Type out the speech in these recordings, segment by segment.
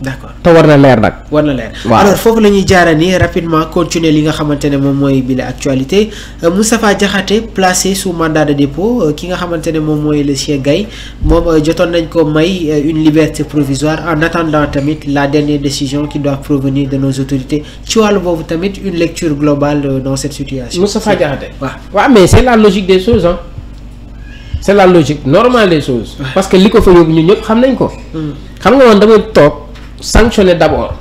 d'accord te war na leer nag. war foofu la ñuy jaara ni rapidement continuer li nga xamante ne moom mooy bi la actualité euh, Moustapha Diakhaté placé sous mandat de dépôt euh, ki nga xamante ne moom mooy le chef Gaye moom euh, jotoon nañ ko may une liberté provisoire en attendant tamit la dernière décision qui doit provenir de nos autorités ci wàllu boobu tamit une lecture globale dans cette situation. Moustapha Diakhaté waaw waaw mais c'est la logique des choses hein c'est la logique normale des choses. que ñëpp xam nañ ko. Hmm. xam nga woon damay toog sanctionné d' abord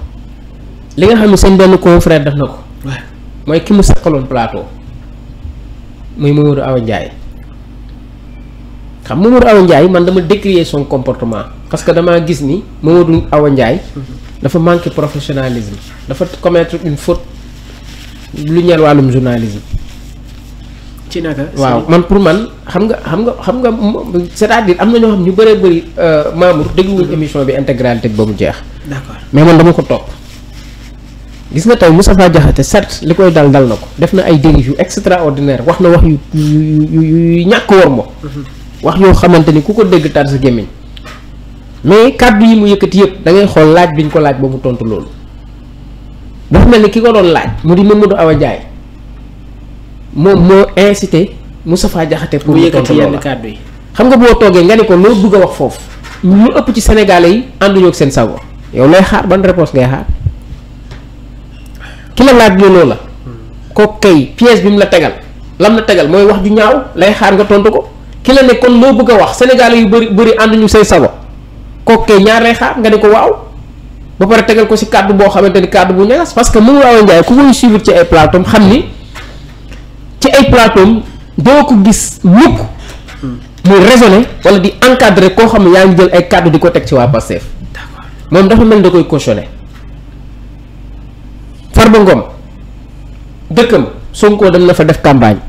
li nga xam ne seen benn confrère def na ko. mooy ki mu seqaloon plateau muy Mamadou Awa Ndiaye xam Mamadou Awa Ndiaye man dama décrier son comportement parce que damaa gis ni Mamadou Awa Ndiaye dafa manqué professionnalisme dafa commettre une faute lu ñeel wàllum journalisme. ci naka. waaw man pour man xam nga xam nga xam nga c'est-à-dire am na ñoo xam ñu bëree bëri euh, Mamour dégluwuñ émission bi intégralité ba mu jeex. d'accord mais man dama ko topp. gis nga tey Moustapha Diakhaté certes li koy dal dal na ko def na ay dérives yu extraordinaire wax na wax yu yu yu ñàkk war ma mm-hmm. wax yoo xamante ni ku ko dégg tar sa gémmiñ mais kàddu yi mu yëkkati yëpp da ngay xool laaj biñ ko laaj ba mu tontu loolu dafa mel ni ki ko doon laaj mu di Mamadou Awa Ndiaye moom moo incité Moustapha Diakhaté pour mu tontu yenn kàddu yi xam nga boo toogee nga ne ko loo bëgg a wax foofu ñu ëpp ci sénégalais yi ànduñu ak seen sago yow lay xaar ban réponse ngay xaar ki la laaj looloo la kook kay pièce bi mu la tegal lam la tegal mooy wax ju ñaaw lay xaar nga tontu ko ki la ne kon loo bëgg a wax sénégalais yu bëri bëri ànduñu say sago ko kay ñaar lay xaar nga ne ko waaw ba pare tegal ko si kàddu boo xamante ni kàddu bu ñagas parce que mu waaw Ndiaye ku koy suivre ci ay xam ni ay plateau doo ko gis mukk muy raisonné wala di encadré koo xam ne yaa ngi jël ay kàddu di ko teg ci waa Pastef moom dafa mel ni da koy cautionné Farba Ngom dëkkam Sonko dem na fa def campagne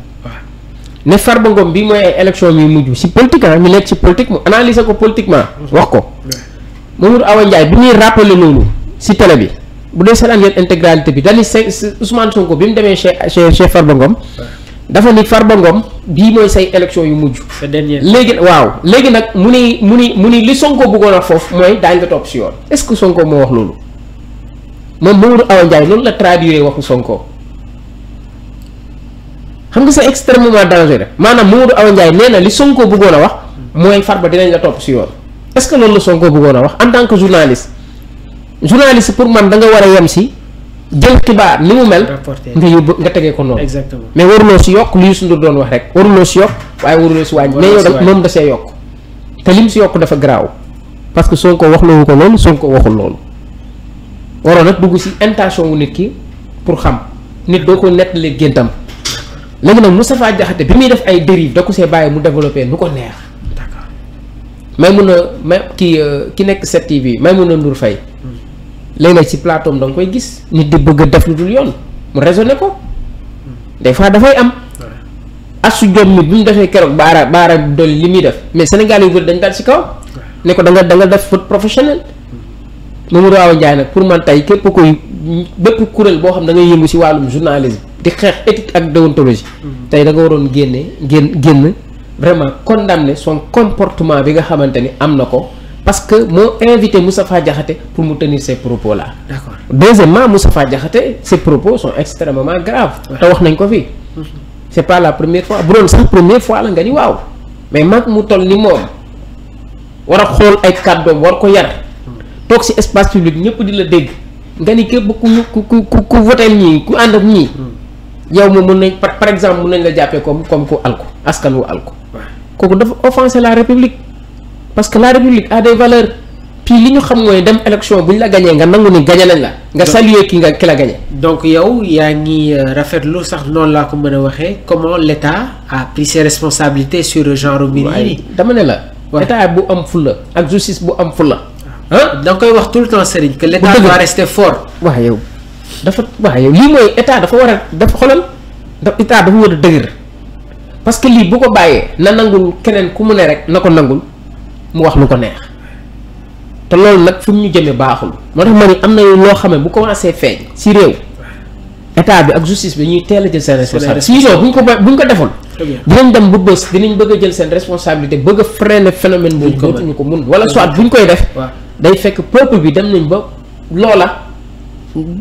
ne Farba Ngom bi mooy ay élection ñuy mujj si politique ah nekk ci politique mu analyser ko politiquement wax ko Mamadou Awa Ndiaye bi ñuy rappeler loolu si télé bi bu dee seetaan yéen intégralité bi dañuy Ousmane Sonko bi mu demee chez chez Farba dafa ni Farba Ngom bii mooy say élection yu mujj. léegi waaw léegi nag mu ni mu ni mu ni li sonkoo bëggoon wax foofu mooy daañu la topp si yoon est-ce que Sonko moo wax loolu moom Mamadou Awa Ndiaye loolu la traduire waxu Sonko xam nga c'est extrêmement maanaam Mamadou Awa Ndiaye nee na li Sonko bëggoon a wax mooy Farba dinañ la topp si yoon est que loolu la Sonko bëggoon a wax en tant que journaliste journaliste pour man da nga war a yem si. jël xibaar ni mu mel. nga yóbbu nga tegee ko noonu. exactement mais waruloo si yokk li Youssou Ndour doon wax rek. waruloo si yokk waaye waruloo si wàññi. mais yow da moom da see yokk. te lim si yokk dafa garaaw parce que ko wax loowu ko loolu Sonko waxul loolu waroon nag dugg si intention wu nit ki pour xam nit doo ko nettalee géntam léegi nag Moustapha Diakhaté bi muy def ay dérive da ko see bàyyi mu développé nu ko neex. d'accord Maimouna ma kii euh, ki nekk 7TV Maimouna Ndour Faye léeg-léeg ci plateau da nga koy gis nit di bëgg a def lu dul yoon mu raisonné ko des fois dafay am. asu jom mi bi mu defee keroog baara baara dolli li muy def mais Sénégal yu bëri dañ daal ci kaw. ne ko da nga da nga def foot professionnel. Mamadou Awa Ndiaye nag pour man tey képp koy bépp kuréel boo xam da ngay yëngu ci wàllum journalisme di xeex éthique ak déontologie. Mm-hmm. tey da nga waroon génne génn génn vraiment condamner son comportement bi nga xamante ni am na ko. parce que moo invité Moustapha Diakhaté pour mu tenir ces propos là. d'accord deuxièmement Moustapha Diakhaté ses propos sont extrêmement graves. te wax nañ ko fii. c'est par la première fois bu doon sax première fois la nga ni waaw mais mag mu toll ni moom war a xool ay kàddoom war ko yar toog ci espace public ñëpp di la dégg nga ni képp ku ñu ku ku ku voteel ñii ku ànd ak ñii. Hmm. yow moom mun nañ par exemple mën nañ la jàppee comme comme ku alko askan wu alko parce que la république a des valeurs li ñu xam mooy dem élection bu ñu la gañee nga nangu ni gañe nañ la nga saluer ki nga ki la gañe donc yow yaa ngi rafet euh, rafetlu sax noon laa ko mën a waxee comment l' a pris ses responsabilités sur genre mbir yi dama ne la état bu am fulla ak justice bu am fulla ah da nga koy wax tout le temps Serigne que l' état doit rester dafa waaw yow lii mooy état dafa war a war a dëgër parce que lii bu ko bàyyee na nangul keneen ku mun ne rek na ko nangul mu wax lu ko neex te loolu nag fu mu ñu jëmee baaxul moo tax ma ni am na loo xam ne bu commencé feeñ si réew état bi ak justice bi ñuy teel a jël seen responsabilité sinon bu ñu ko bu ñu ko deful dinañ dem bu bës dinañ bëgg a seen responsabilité bëgg a freiner phénomène boobu dootuñu ko mun wala soit bu ñu koy def day fekk peuple bi dem nañ ba loola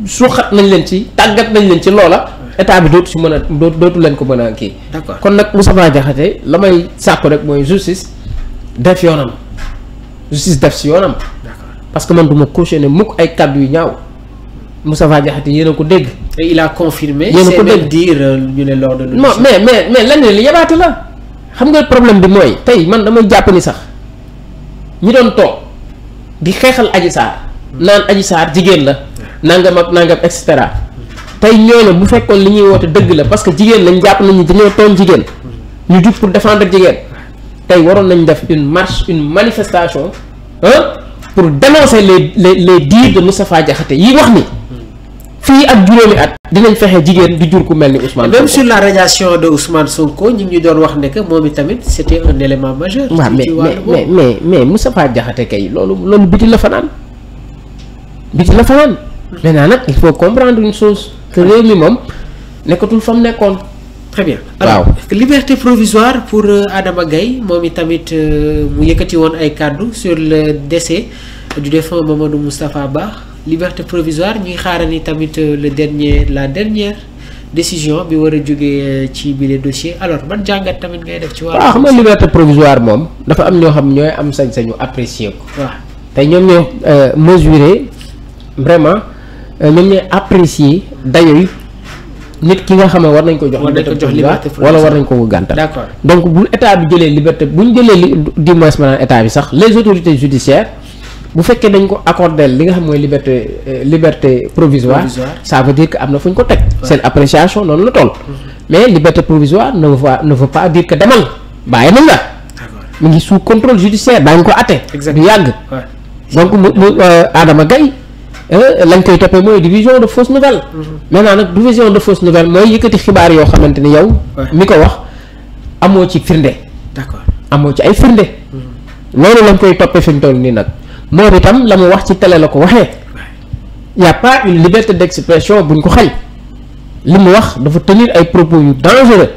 suuxat nañ leen ci tàggat nañ leen ci loola état bi dootu si mën a dootu leen ko mën a kii d'accord kon nag Moustapha Diakhaté la may sàkku rek mooy justice def yoonam justice def si yoonam. parce que man du ma cautionné mukk ay kàddu yu ñaaw Moustapha Diakhaté yéen a ko dégg. il a confirmé. yéen a ko dégg dire euh, ñu ne lors de. non mais mais mais li yabaate la. xam nga problème bi mooy tey man damay jàpp ni sax ñi doon toog di xeexal Adji Sarr. naan Adji Sarr jigéen la. nangam ak nangam et cetera. tey ñooñu bu fekkoon li ñuy woote dëgg la parce que jigéen lañ jàpp nañu dañoo toon jigéen. ñu jug pour défendre jigéen. tey waroon nañ def une marche une manifestation pour dénoncer les les les dires de Moustapha Diakhaté yi wax ni fii ak juróomi at dinañ fexe jigéen di jur ku mel ni Ousmane même sur la radiation de Ousmane Sonko ñu ngi ñu doon wax ne que moom itamit c'était un élément majeur. waaw mais mais mais mais Moustapha Diakhaté kay loolu loolu biti la fanaan biti la fanaan. Hmm. maintenant nag il faut comprendre une chose que réew mi moom nekkatul fa nekkoon. très bien alors liberté provisoire pour euh, Adama Gaye moom i tamit euh, mu yëkkati woon ay kàddu sur le décès du défunt Mamadou Moustapha Ba liberté provisoire ñuy xaarani tamit euh, le dernier la dernière décision bi war a jógee ci bile dossier alors ban jàngat tamit ngay def ci wàllu. waaw xam nga liberté provisoire moom dafa am ñoo xam ñooy am sañ-sañu apprécier ko. waaw te ñoom ñoo mesurer vraiment ñoom ñooy apprécier dayoy nit ki nga xam ne war nañ ko jox. war nañ ko wala war nañ ko gàntal. d'accord donc bu état bi jëlee liberté bu ñu jëlee li du moins maanaam état bi sax les autorités judiciaires bu fekkee dañ ko accordé li nga xam mooy liberté euh, liberté provisoire. ça veut dire am na fu ñu ko teg. seen appréciation noonu la toll. Mhm. mais liberté provisoire ne veut ne veut pas dire que demal bàyyi nañ la. mu ngi su contrôle judiciaire daañu ko àtte. du yàgg. donc mu euh, Adama Gaye Euh, lañ koy toppee mooy division de fausse nouvelle. Mm-hmm. maintenant nag division de fausse nouvelle mooy yëkkati xibaar yoo xamante ni yow. mi ko wax amoo ci firnde. d'accord amoo ci ay firnde. Mm-hmm. loolu lañ koy toppee fi mu nii nag moom itam la mu wax ci télé la ko waxee. y a pas une liberté d'expression buñ ko xañ li mu wax dafa tenir ay propos yu dangereux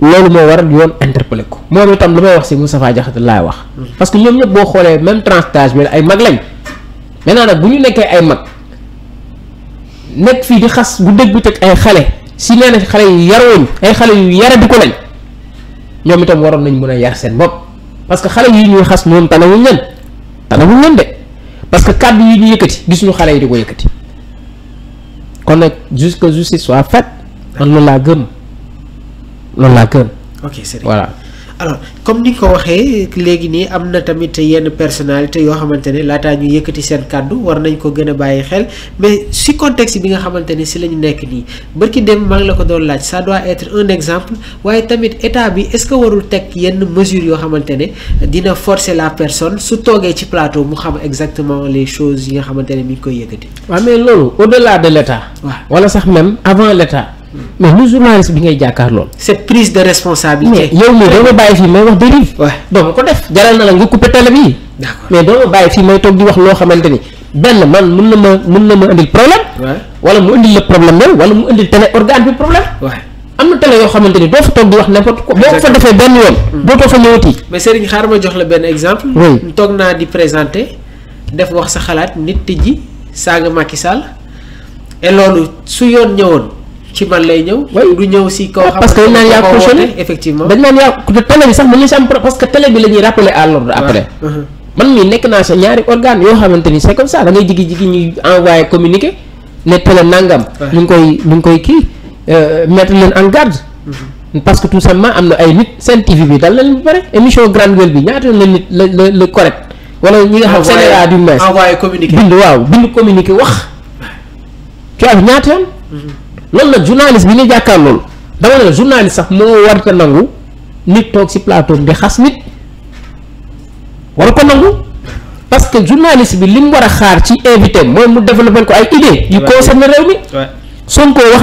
loolu moo waral yoon interpellé ko moom itam lu may wax si Moustapha Diakhaté laay wax. Mm-hmm. parce que ñoom ñëpp boo xoolee même tranche d'âge ay mag lañ. maintenant nag bu ñu nekkee ay mag nekk fii di xas bu dëgg bu teg ay xale si nee na xale yu yarawuñ ay xale yu yara di ko lañ ñoom itam waroon nañ mun a yar seen bopp parce que xale yi ñuy xas noonu tanawuñ leen mu leen de parce que kàddu yi ñu yëkkati ñu xale yi di ko yëkkati kon nag jusque justice soit faite man loolu laa gëm loolu laa gëm. ok c'est alors comme ni nga ko waxee léegi nii am na tamit yenn personnalité yoo xamante ne laataa ñu yëkkati seen kàddu war nañ ko gën a bàyyi xel mais si contexte bi nga xamante ne si la ñu nekk nii bërki dem maa la ko doon laaj ça doit être un exemple waaye tamit état bi est-ce que warul teg yenn mesures yoo xamante ne dina forcer la personne su toogee ci plateau mu xam exactement les choses yi nga xamante ne mi ngi koy yëkkati. waaw mais loolu au de l'état. waaw wala sax même avant l'état. mais lu journaliste bi ngay jàkkaar lool. cette prise de responsabilité. mais yow mii doo ma bàyyi fii may wax dérive. waaw doo ma ko def jaral na la nga coupé télé bi. mais doo ma bàyyi fii may toog di wax loo xamante ni benn man mun na ma mun na ma indil problème. wala mu indil la problème wala mu indil télé organe bi problème. am na télé yoo xamante ni doo fa toog di wax n'importe quoi. boo ko fa defee benn yoon. Mm. dootoo fa ñëwati. mais Serigne xaar ma jox la benn exemple. oui toog naa di présenté def wax sa xalaat nit ji saaga Macky Sall et loolu su yoon ñëwoon. ci man lay ñëw. oui du ñëw si ah, parce que dañ naan yaa cautionné dañ naan yaa télé bi sax mën na si am parce que télé bi la ñuy rappelé à après. Mhm. man mii nekk naa sa ñaari organe yoo xamante ni c'est comme ça da ngay jigi jigi ñuy envoyé communiqué ne télé nangam. ñu ngi koy ñu ngi koy kii euh, mettre leen en garde. Mhm. parce que tout simplement am na ay nit seen TV bi dal leen ba pare émission grande gueule bi ñaata la nit la la la correct. wala ñi nga xam Sénégal du moins envoyé communiqué bind waaw bind communiqué wax. tu ñaata yoon. Mhm. loolu nag journaliste bi ñu jàkkaar loolu dama ne la journaliste sax moo war a nangu nit toog si plateau di xas nit war ko nangu parce que bi li mu war a xaar ci invité mooy mu développé ko ay idées yu concerne réew mi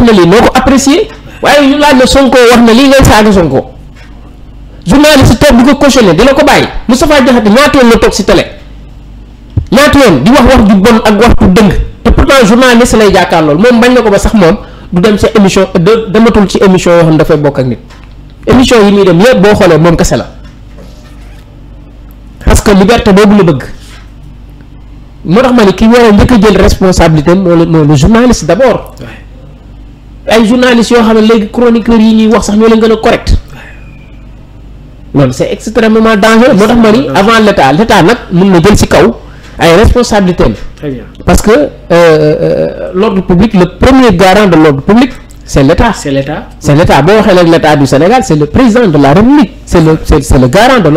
na lii noo ko apprécier waaye ñu laaj na Sonko wax na lii ngay saaga Sonko journaliste toog di ko cautionné dina ko bàyyi Moustapha Diakhaté ñaata yoon la toog si télé ñaata yoon di wax wax ju bon ak wax ju dëng te pourtant journaliste lay jàkkaar loolu moom bañ na ko sax moom du dem sa émission de dematul ci émission yoo xam ne dafay bokk ak nit émission yi muy dem yëpp boo xoolee moom kese la parce que liberté boobu la bëgg moo tax ma ni ki war a njëkk a jël responsabilité am moo le journaliste d' ay journalistes yoo xam ne léegi chroniqueurs yi ñuy wax sax ñoo leen gën a correct loolu est extrêmement dangereux moo tax ma ni avant l' état l' état nag mun na jël si kaw ay responsabilité am parce que euh, euh, euh, l'ordre public le premier garant de l'ordre public c'est l'État c'est l'État c'est l'État boo waxee nag l'État du Sénégal c'est le président de la République c'est le garant de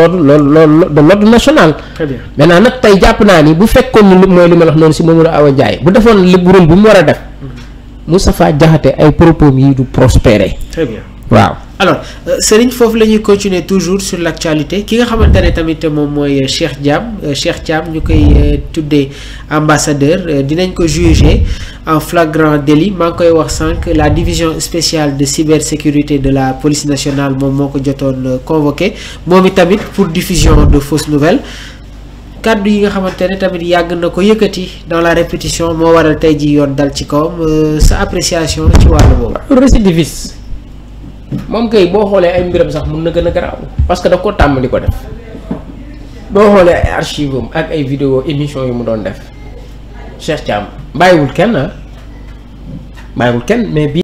l'ordre national très nag tey jàpp naa ni bu fekkoon ni mooy li ma wax noonu si Mamadou Awa Ndiaye bu defoon li bu mu war a def mu mm-hmm. Moustapha Diakhaté ay propos yi du prospérer très waaw alors euh, Serigne foofu la ñuy continuer toujours sur l' actualité ki nga xamante ne tamit moom mooy euh, Cheikh Thiam euh, Cheikh Thiam ñu koy tuddee ambassadeur dinañ ko juger en flagrant délit maa ngi koy wax sànq la division spéciale de cybersécurité de la police nationale moom moo ko jotoon convoqué moom i tamit pour diffusion de fausses nouvelle kàddu yi nga xamante ne tamit yàgg na ko yëkkati dans la répétition moo waral tey ji yoon dal ci kawam sa appréciation ci moom kay boo xoolee ay mbiram sax mun na gën a garaaw parce que daf ko tàmm di ko def boo xoolee ay archive am ak ay vidéo émission yu mu doon def Cheikh Thiam bàyyiwul kenn ah, bàyyiwul kenn mais bii